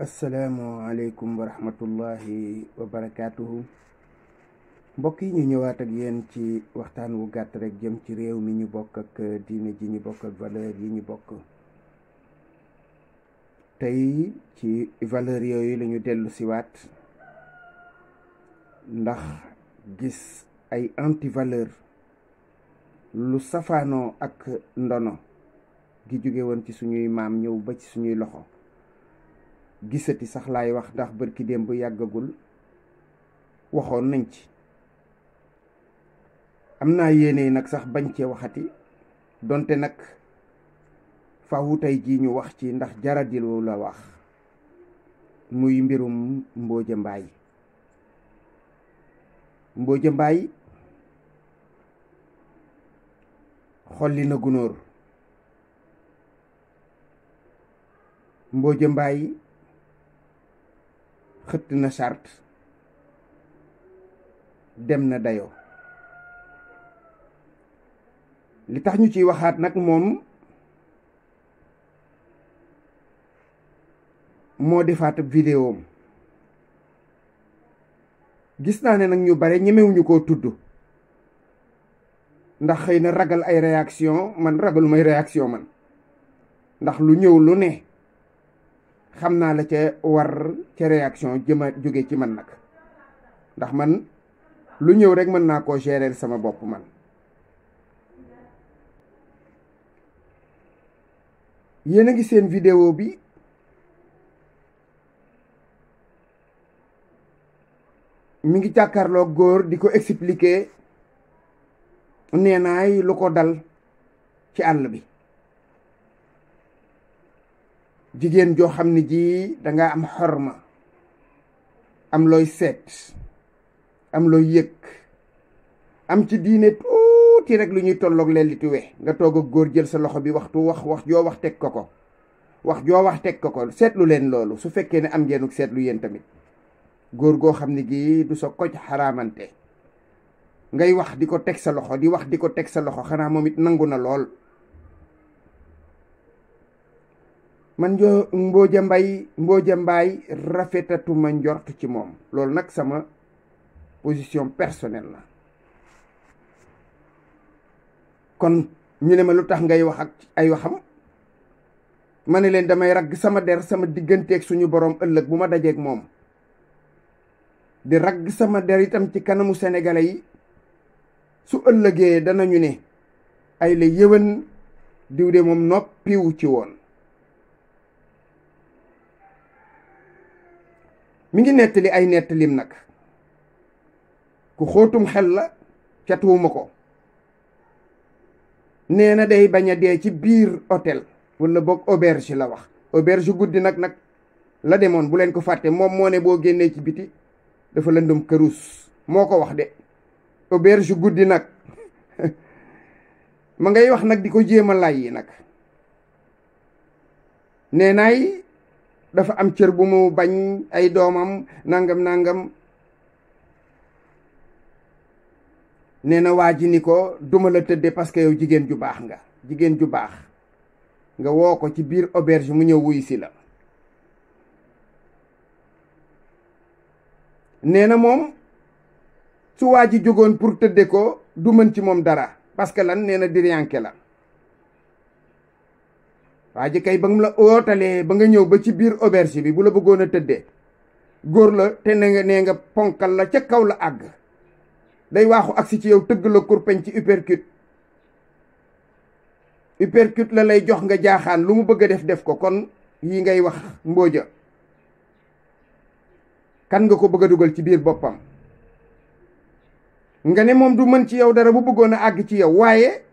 asalaamualeykum wa rahmatullahi wa barakaatuhu mbokk yi ñu ñëwaat ak yéen ci waxtaan wu gàtt rekk jëm ci réew mi ñu bokk ak diine ji ñu bokk ak valeur yi ñu bokk tey ci valeur yooyu lañu ñu dellu ndax gis ay anti valeur lu safaanoo ak ndono gi jóge woon ci suñuy maam ñëw ba ci suñuy loxo gisati sax laay wax ndax bërki démb bu yàggagul waxoon nañ ci am naa yéene nag sax bañ cee waxati donte nag faawu tey jii ñu wax ci ndax jaradilu la wax muy mbirum mbooja mbaay mbooja mbaay xolli na gunóor mbooja mbaay xëtt na charte dem na dayoo li tax ñu ciy waxaat nag moom moo defaat vidéom gis naa ne nag ñu bare ñemewuñu koo tudd ndax xëy na ragal ay réaction man ragal may réaction man ndax lu ñëw lu ne xam naa la ca war ca réaction jëma jóge ci man nag ndax man lu ñëw rek mën naa koo gérer sama bopp man yéen a ngi seen vidéo bi mu ngi jàkkaarloo góor di ko expliquer nee naay lu ko dal ci àll bi jigéen joo xam ne ji danga am xorma am looy seet am looy yëg am ci diine tuuti rek lu ñuy tollook leen li tuwe nga toog ak góor jël sa loxo bi waxtu wax wax joo wax teg ko ko wax joo wax teg ko ko seetlu leen loolu su fekkee ne am ngeenuk seetlu yéen tamit góor goo xam ne gi du sa koj xaraamante ngay wax di ko teg sa loxo di wax di ko teg sa loxo xanaa moom it nangu na lool man jo mbooja mbay mbooja mbaay rafetatuma njort ci moom loolu nag sama position personnelle la kon ñu ne ma lu tax ngay wax ak ay waxam ma ne leen damay ragg sama der sama digganteeg suñu borom ëllëg bu ma dajeek moom di ragg sama der itam ci kanamu sénégalais yi su ëllëgee danañu ne ay la yëwan de moom noppiwu ci woon mi ngi nettali ay nettalim nag ku xóotum xel la ca tuuma ko nee na day bañ a dee ci biir otel wala boog auberge la wax oberge guddi nag nag la demoon bu leen ko fàtte moom moo ne boo génnee ci biti dafa lëndëm këruus moo ko wax de auberge guddi nag ma ngay wax nag di ko jéem a lay yi nag nee dafa am cër bu mu bañ ay doomam nangam nangam nee na waa ji ni ko duma la tëdde parce que yow jigéen ju baax nga jigéen ju baax nga woo ko ci biir auberge mu ñëw wuyu si la nee na moom su waa ji jógoon pour tëdde ko du mën ci moom dara parce que lan nee na diriyànke la waa ji kay ba mu la wootalee ba nga ñëw ba ci biir auberge bi bu la bëggoon a tëddee góor la te ne nga nee nga ponkal la ca kaw la àgg day waaxu agsi ci yow tëgg la kurpeñ ci uppercut uppercut la lay jox nga jaaxaan lu mu bëgg a def def ko kon yi ngay wax mbooja kan nga ko bëgg a dugal ci biir boppam nga ne moom du mën ci yow dara bu bëggoon a àgg ci yow waaye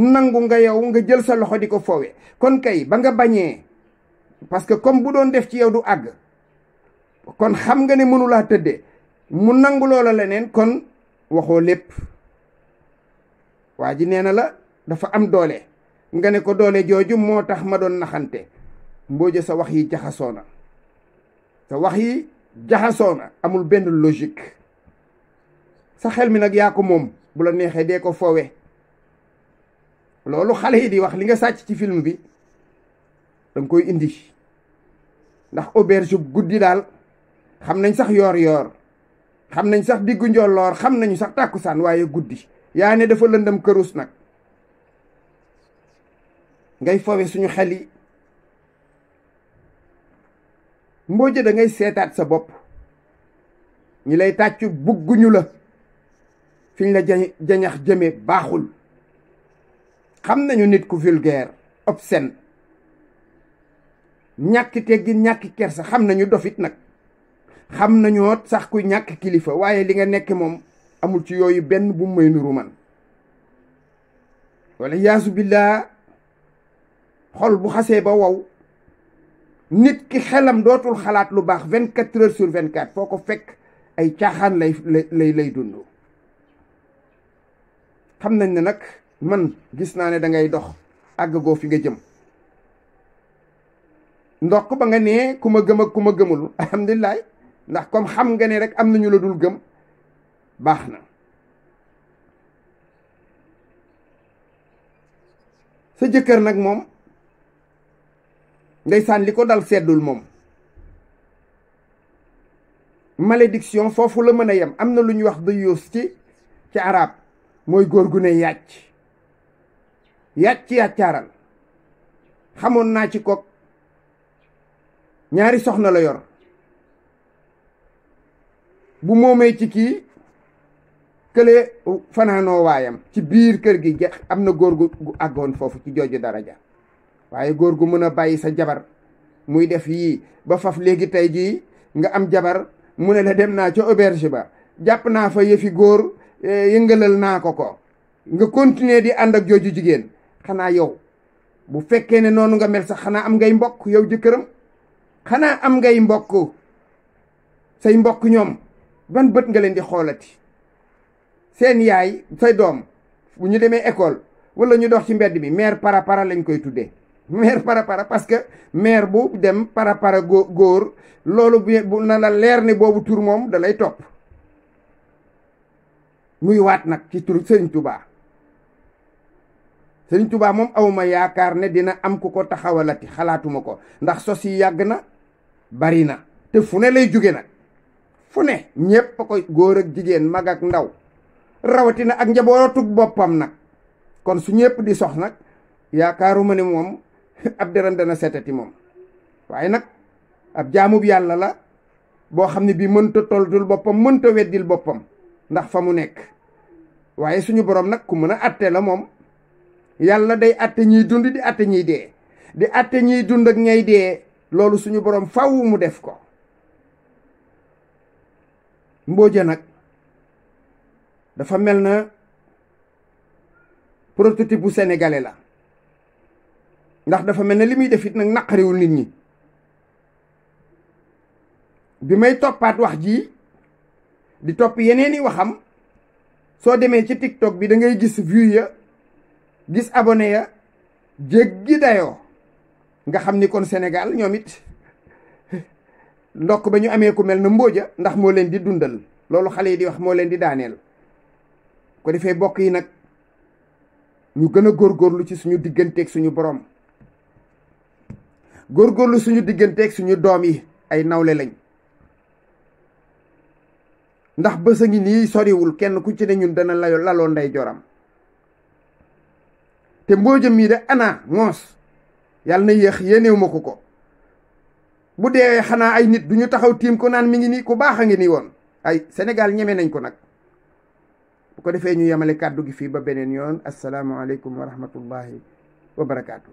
nangu nga yow nga jël sa loxo di ko foowe kon kay ba nga bañee parce que comme bu doon def ci yow du àgg kon xam nga ne mënulaa tëdde mu nangu loola leneen kon waxoo lépp waa ji nee na la dafa am doole nga ne ko doole jooju moo tax ma doon naxante mbooja sa wax yi jaxasoo na sa wax yi jaxasoo na amul benn logique sa xel mi nag yaa ko moom bu la neexee dee ko foowe loolu xale yi di wax li nga sàcc ci film bi danga koy indi ndax auberge guddi daal xam nañ sax yoor yoor xam nañ sax diggu loor xam nañu sax tàkkusaan waaye guddi yaa ne dafa lëndam kërus nag ngay fowe suñu xel yi mbooje da ngay seetaat sa bopp ñi lay tàccu bugguñu la fiñ la jañax jëme baaxul xam nañu nit ku vulgaire obscène ñàkk teggin ñàkk kersa xam nañu dofit nag xam nañoot sax ku ñàkk kilifa waaye li nga nekk moom amul ci yooyu benn bu may nuru man wala yaasu billaa xol bu xasee ba wow nit ki xelam dootul xalaat lu baax vingt quatre heures sur vingt quatre foo ko fekk ay caaxaan lay lay lay dund xam nañ ne nag man gis naa ne dangay dox àggagoo fi nga jëm ndox ba nga nee ku ma gëm ak ku ma gëmul alhamdulilah ndax comme xam nga ne rek am nañu la dul gëm baax na sa jëkkër nag moom ndeysaan li ko dal seddul moom malédiction foofu la mën a yem am na lu ñuy wax dayuus ci ci arab mooy góor gu ne yàcc yàcc ci yàccaaral xamoon naa ci kook ñaari soxna la yor bu moomee ci kii kële fanaanoo waayam ci biir kër gi am na góor gu àggoon foofu ci jooju ja waaye góor gu mën a bàyyi sa jabar muy def yii ba faf léegi tey jii nga am jabar mu ne la dem naa ci auberge ba jàpp naa fa yëfi góor eh, yëngalal naa ko ko nga continuer di ànd ak jooju jigéen xanaa yow bu fekkee ne noonu nga mel sax xanaa am ngay mbokk yow jëkkëram xanaa am ngay mbokk say mbokk ñoom ban bët nga leen di xoolati seen yaay say doom bu ñu demee école wala ñu dox ci mbedd mi mère para lañ koy tuddee mère para para parce que mère bu dem para para góor loolu bu na la leer ne boobu tur moom da lay topp muy waat nag ci tur Sëriñ Tuubaa Sëriñ Tuubaa moom awuma yaakaar ne dina am ku ko taxawalati xalaatuma ko ndax sos yi yàgg na bari na te fu ne lay jóge nag fu ne ñépp ko góor ak jigéen mag ak ndaw rawatina ak njabootug boppam nag kon su ñépp di sox nag yaakaaruma ne moom ab deram dana setati moom waaye nag ab jaamub yàlla la boo xam ne bii mënta toltul boppam mënta weddil boppam ndax fa mu nekk waaye suñu borom nag ku mën a atte la moom yàlla day atte ñiy dund di atte ñiy di atte ñiy dund ak ñay dee loolu suñu borom faw mu def ko mbooja nag dafa mel na prototype bu sénégalais la ndax dafa mel na li muy def it nag naqariwul nit ñi bi may toppaat wax ji di topp yeneeni waxam soo demee ci TikTok bi dangay gis view ya gis abone ya jéggi dayoo nga xam ni kon Sénégal ñoom it ndokk ba ñu amee ku mel na mbooja ndax moo leen di dundal loolu xale yi di wax moo leen di daaneel ko defee bokk yi nag ñu gën a góorlu ci suñu digganteeg suñu borom góorgóorlu suñu digganteeg suñu doom yi ay nawle lañ ndax bés a ngi nii soriwul kenn ku ci ne ñun dana layo laloo ndeyjooram te jëm mii de ana moos yàlla na yéex yéenewu ma ko ko bu deewee xanaa ay nit du ñu taxaw tiim ko naan mi ngi nii ku baax a ngi nii woon ay Sénégal ñeme nañ ko nag bu ko defee ñu yemale kàddu gi fii ba beneen yoon asalaamaaleykum wa rahmatullahi wa barakaatu.